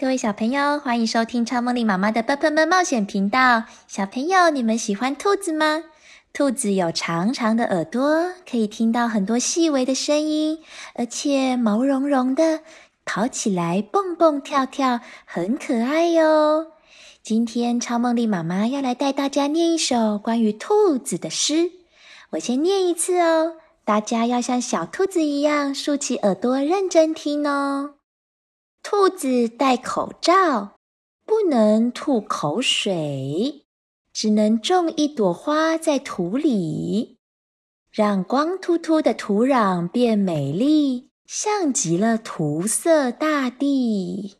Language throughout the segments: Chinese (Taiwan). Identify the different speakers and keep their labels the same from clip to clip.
Speaker 1: 各位小朋友，歡迎收聽超夢莉媽媽的《笨笨們冒險》頻道。小朋友，你們喜歡兔子嗎？兔子有長長的耳朵，可以聽到很多細微的聲音，而且毛茸茸的，跑起來蹦蹦跳跳，很可愛哦。今天超夢莉媽媽要來帶大家念一首關於兔子的詩，我先念一次哦，大家要像小兔子一樣豎起耳朵，認真聽哦。兔子戴口罩，不能吐口水，只能種一朵花在土裡，讓光禿禿的土壤變美麗，像極了塗色大地。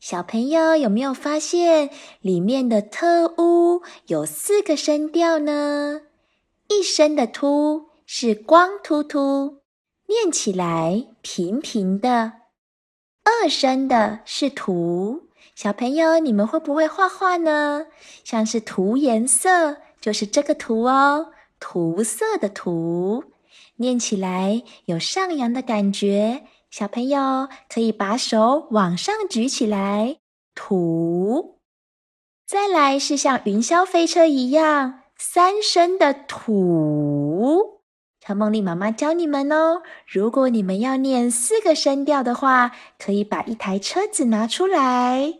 Speaker 1: 小朋友有沒有發現，裡面的 “ㄊㄨ” 有四個聲調呢？一聲的“禿”是光禿禿，念起來平平的。二聲的是“塗”，小朋友，你們會不會畫畫呢？像是塗顏色，就是這個“塗”哦，“塗色”的“塗”，唸起來有上揚的感覺。小朋友可以把手往上舉起來，“塗”。再來是像雲霄飛車一樣，三聲的“土”。和夢莉媽媽教你們哦，如果你們要念四個聲調的話，可以把一台車子拿出來，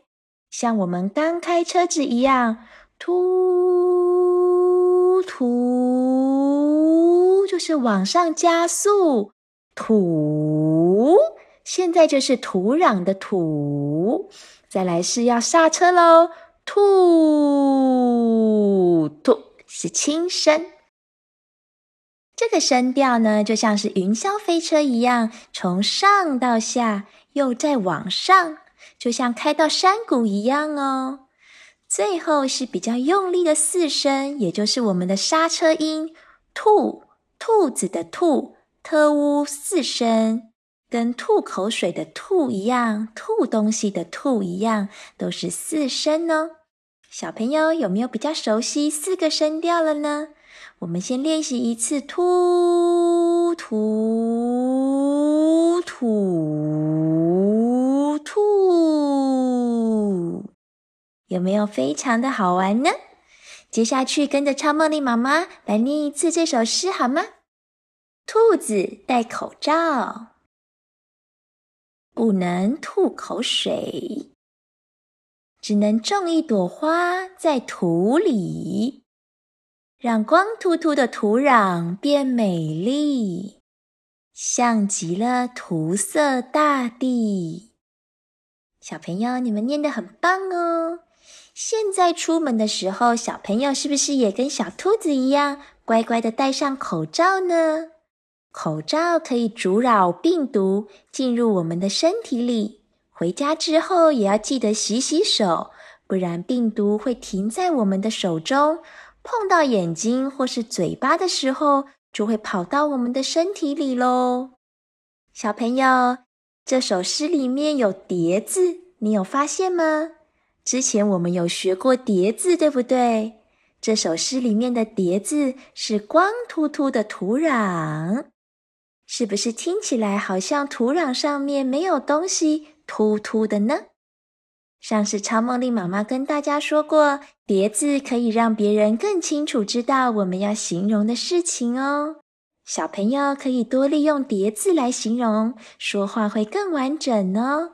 Speaker 1: 像我們剛開車子一樣，突突，就是往上加速。土，現在就是土壤的土。再來是要剎車嘍，突突，是輕聲。這個聲調呢，就像是雲霄飛車一樣，從上到下，又再往上，就像開到山谷一樣哦。最後是比較用力的四聲，也就是我們的剎車音，兔，兔子的兔，特烏四聲，跟吐口水的吐一樣，吐東西的吐一樣，都是四聲哦。小朋友有沒有比較熟悉四個聲調了呢？我們先練習一次兔吐吐吐、吐，有沒有非常的好玩呢？接下去跟着超夢莉媽媽來念一次這首詩好嗎？兔子戴口罩，不能吐口水，只能種一朵花在土裡。讓光禿禿的土壤變美麗，像極了塗色大地。小朋友，你們念得很棒哦！現在出門的時候，小朋友是不是也跟小兔子一樣，乖乖的戴上口罩呢？口罩可以阻撓病毒進入我們的身體裡。回家之後也要記得洗洗手，不然病毒會停在我們的手中。碰到眼睛或是嘴巴的時候，就會跑到我們的身體裡嘍。小朋友，這首詩裡面有疊字，你有發現嗎？之前我們有學過疊字，對不對？這首詩裡面的疊字是光禿禿的土壤，是不是聽起來好像土壤上面沒有東西，禿禿的呢？上次超夢莉媽媽跟大家說過，疊字可以讓別人更清楚知道我們要形容的事情哦。小朋友可以多利用疊字來形容，說話會更完整哦。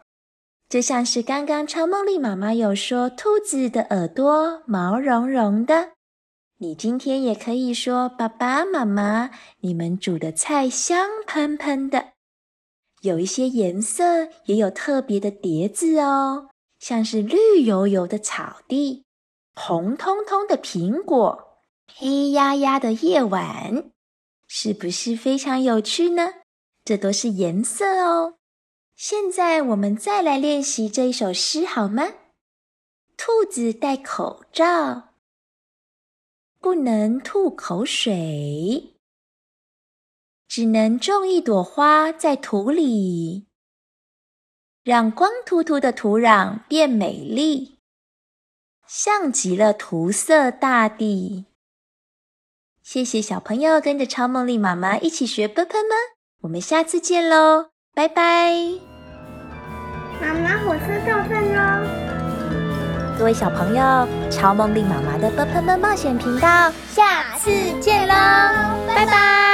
Speaker 1: 就像是剛剛超夢莉媽媽有說，兔子的耳朵毛茸茸的。你今天也可以說，爸爸媽媽，你們煮的菜香噴噴的。有一些顏色也有特別的疊字哦。像是綠油油的草地，紅彤彤的蘋果，黑壓壓的夜晚，是不是非常有趣呢？這都是顏色哦。現在我們再來練習這一首詩好嗎？兔子戴口罩，不能吐口水，只能種一朵花在土裡。讓光禿禿的土壤變美麗，像極了塗色大地。謝謝小朋友跟着超夢莉媽媽一起學奔跑們，我們下次見嘍，拜拜！媽媽，火車到站咯，各位小朋友，超夢莉媽媽的奔跑們冒險頻道，下次見咯，拜拜！拜拜